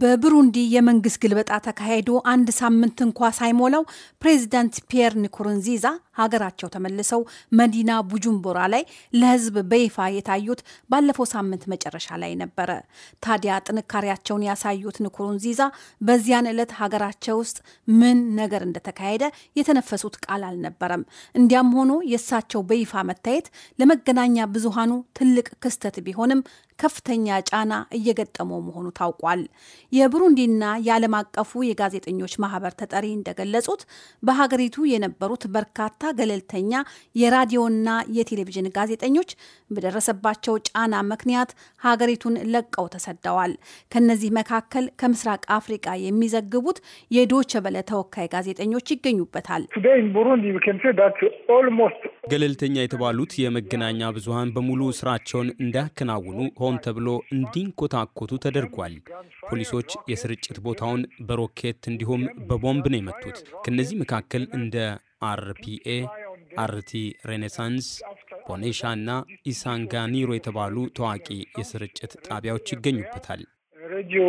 በብሩንዲ የመንግስት ግልበጣ ተካሄዶ አንድ ሳምንት እንኳ ሳይሞላው ፕሬዚዳንት ፒየር ኒኩሩንዚዛ ሀገራቸው ተመልሰው መዲና ቡጁምቦራ ላይ ለሕዝብ በይፋ የታዩት ባለፈው ሳምንት መጨረሻ ላይ ነበረ። ታዲያ ጥንካሬያቸውን ያሳዩት ኒኩሩንዚዛ በዚያን ዕለት ሀገራቸው ውስጥ ምን ነገር እንደተካሄደ የተነፈሱት ቃል አልነበረም። እንዲያም ሆኖ የእሳቸው በይፋ መታየት ለመገናኛ ብዙሃኑ ትልቅ ክስተት ቢሆንም ከፍተኛ ጫና እየገጠመው መሆኑ ታውቋል። የብሩንዲና የዓለም አቀፉ የጋዜጠኞች ማህበር ተጠሪ እንደገለጹት በሀገሪቱ የነበሩት በርካታ ገለልተኛ የራዲዮና የቴሌቪዥን ጋዜጠኞች በደረሰባቸው ጫና ምክንያት ሀገሪቱን ለቀው ተሰደዋል። ከነዚህ መካከል ከምስራቅ አፍሪቃ የሚዘግቡት የዶቸ በለ ተወካይ ጋዜጠኞች ይገኙበታል። ገለልተኛ የተባሉት የመገናኛ ብዙሀን በሙሉ ስራቸውን እንዳያከናውኑ ሆን ተብሎ እንዲንኮታኮቱ ተደርጓል። ፖሊሶች የስርጭት ቦታውን በሮኬት እንዲሁም በቦምብ ነው የመቱት። ከእነዚህ መካከል እንደ አርፒኤ፣ አርቲ ሬኔሳንስ፣ ቦኔሻ እና ኢሳንጋኒሮ የተባሉ ታዋቂ የስርጭት ጣቢያዎች ይገኙበታል። ሬዲዮ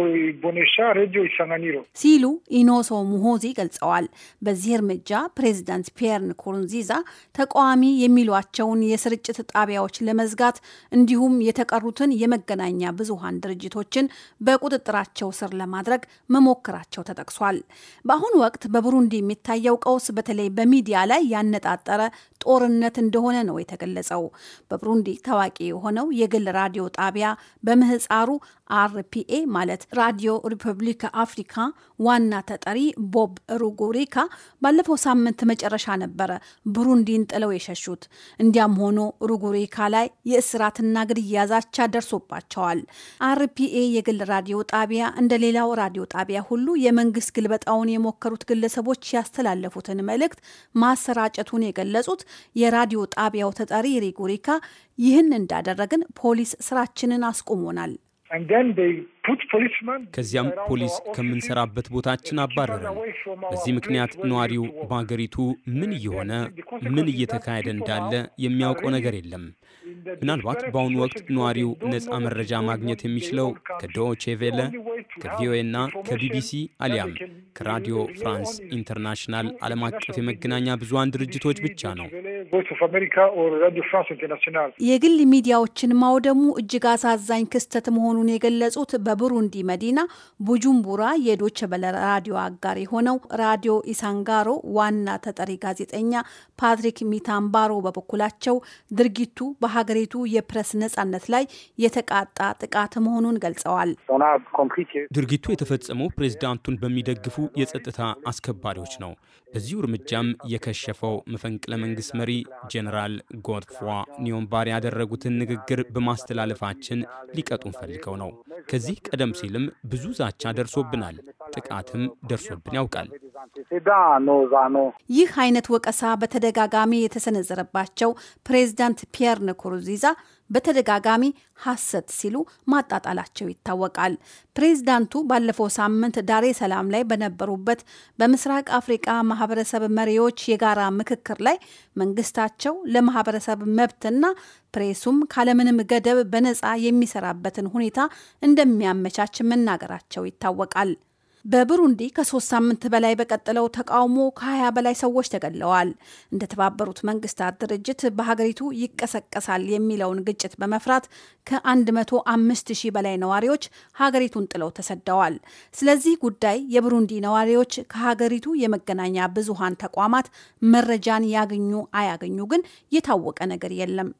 ቦኔሻ ሬዲዮ ይሰናኒሮ ሲሉ ኢኖሶ ሙሆዚ ገልጸዋል። በዚህ እርምጃ ፕሬዚዳንት ፒየር ንኩሩንዚዛ ተቃዋሚ የሚሏቸውን የስርጭት ጣቢያዎች ለመዝጋት እንዲሁም የተቀሩትን የመገናኛ ብዙሃን ድርጅቶችን በቁጥጥራቸው ስር ለማድረግ መሞከራቸው ተጠቅሷል። በአሁኑ ወቅት በቡሩንዲ የሚታየው ቀውስ በተለይ በሚዲያ ላይ ያነጣጠረ ጦርነት እንደሆነ ነው የተገለጸው። በብሩንዲ ታዋቂ የሆነው የግል ራዲዮ ጣቢያ በምህፃሩ አርፒኤ ማለት ራዲዮ ሪፐብሊክ አፍሪካ ዋና ተጠሪ ቦብ ሩጉሪካ ባለፈው ሳምንት መጨረሻ ነበረ ብሩንዲን ጥለው የሸሹት። እንዲያም ሆኖ ሩጉሪካ ላይ የእስራትና ግድያ ዛቻ ደርሶባቸዋል። አርፒኤ የግል ራዲዮ ጣቢያ እንደሌላው ራዲዮ ጣቢያ ሁሉ የመንግስት ግልበጣውን የሞከሩት ግለሰቦች ያስተላለፉትን መልእክት ማሰራጨቱን የገለጹት የራዲዮ ጣቢያው ተጠሪ ሪጉሪካ ይህን እንዳደረግን ፖሊስ ስራችንን አስቆሞናል። ከዚያም ፖሊስ ከምንሰራበት ቦታችን አባረረን። በዚህ ምክንያት ነዋሪው በሀገሪቱ ምን እየሆነ ምን እየተካሄደ እንዳለ የሚያውቀው ነገር የለም። ምናልባት በአሁኑ ወቅት ነዋሪው ነፃ መረጃ ማግኘት የሚችለው ከዶቼ ቬለ፣ ከቪኦኤ እና ከቢቢሲ አሊያም ከራዲዮ ፍራንስ ኢንተርናሽናል ዓለም አቀፍ የመገናኛ ብዙሀን ድርጅቶች ብቻ ነው። የግል ሚዲያዎችን ማውደሙ እጅግ አሳዛኝ ክስተት መሆኑን የገለጹት በቡሩንዲ መዲና ቡጁምቡራ የዶቼ ቬለ ራዲዮ አጋር የሆነው ራዲዮ ኢሳንጋሮ ዋና ተጠሪ ጋዜጠኛ ፓትሪክ ሚታምባሮ በበኩላቸው ድርጊቱ በሀገ በሀገሪቱ የፕሬስ ነጻነት ላይ የተቃጣ ጥቃት መሆኑን ገልጸዋል። ድርጊቱ የተፈጸመው ፕሬዝዳንቱን በሚደግፉ የጸጥታ አስከባሪዎች ነው። በዚሁ እርምጃም የከሸፈው መፈንቅለ መንግስት መሪ ጄኔራል ጎድፏ ኒዮምባር ያደረጉትን ንግግር በማስተላለፋችን ሊቀጡን ፈልገው ነው። ከዚህ ቀደም ሲልም ብዙ ዛቻ ደርሶብናል። ጥቃትም ደርሶብን ያውቃል። ይህ አይነት ወቀሳ በተደጋጋሚ የተሰነዘረባቸው ፕሬዝዳንት ፒየር ንኩሩንዚዛ በተደጋጋሚ ሐሰት ሲሉ ማጣጣላቸው ይታወቃል። ፕሬዝዳንቱ ባለፈው ሳምንት ዳሬ ሰላም ላይ በነበሩበት በምስራቅ አፍሪቃ ማህበረሰብ መሪዎች የጋራ ምክክር ላይ መንግስታቸው ለማህበረሰብ መብትና ፕሬሱም ካለምንም ገደብ በነፃ የሚሰራበትን ሁኔታ እንደሚያመቻች መናገራቸው ይታወቃል። በብሩንዲ ከሶስት ሳምንት በላይ በቀጠለው ተቃውሞ ከ በላይ ሰዎች ተገድለዋል። እንደ ተባበሩት መንግስታት ድርጅት በሀገሪቱ ይቀሰቀሳል የሚለውን ግጭት በመፍራት ከ105 ሺህ በላይ ነዋሪዎች ሀገሪቱን ጥለው ተሰደዋል። ስለዚህ ጉዳይ የብሩንዲ ነዋሪዎች ከሀገሪቱ የመገናኛ ብዙሃን ተቋማት መረጃን ያገኙ አያገኙ ግን የታወቀ ነገር የለም።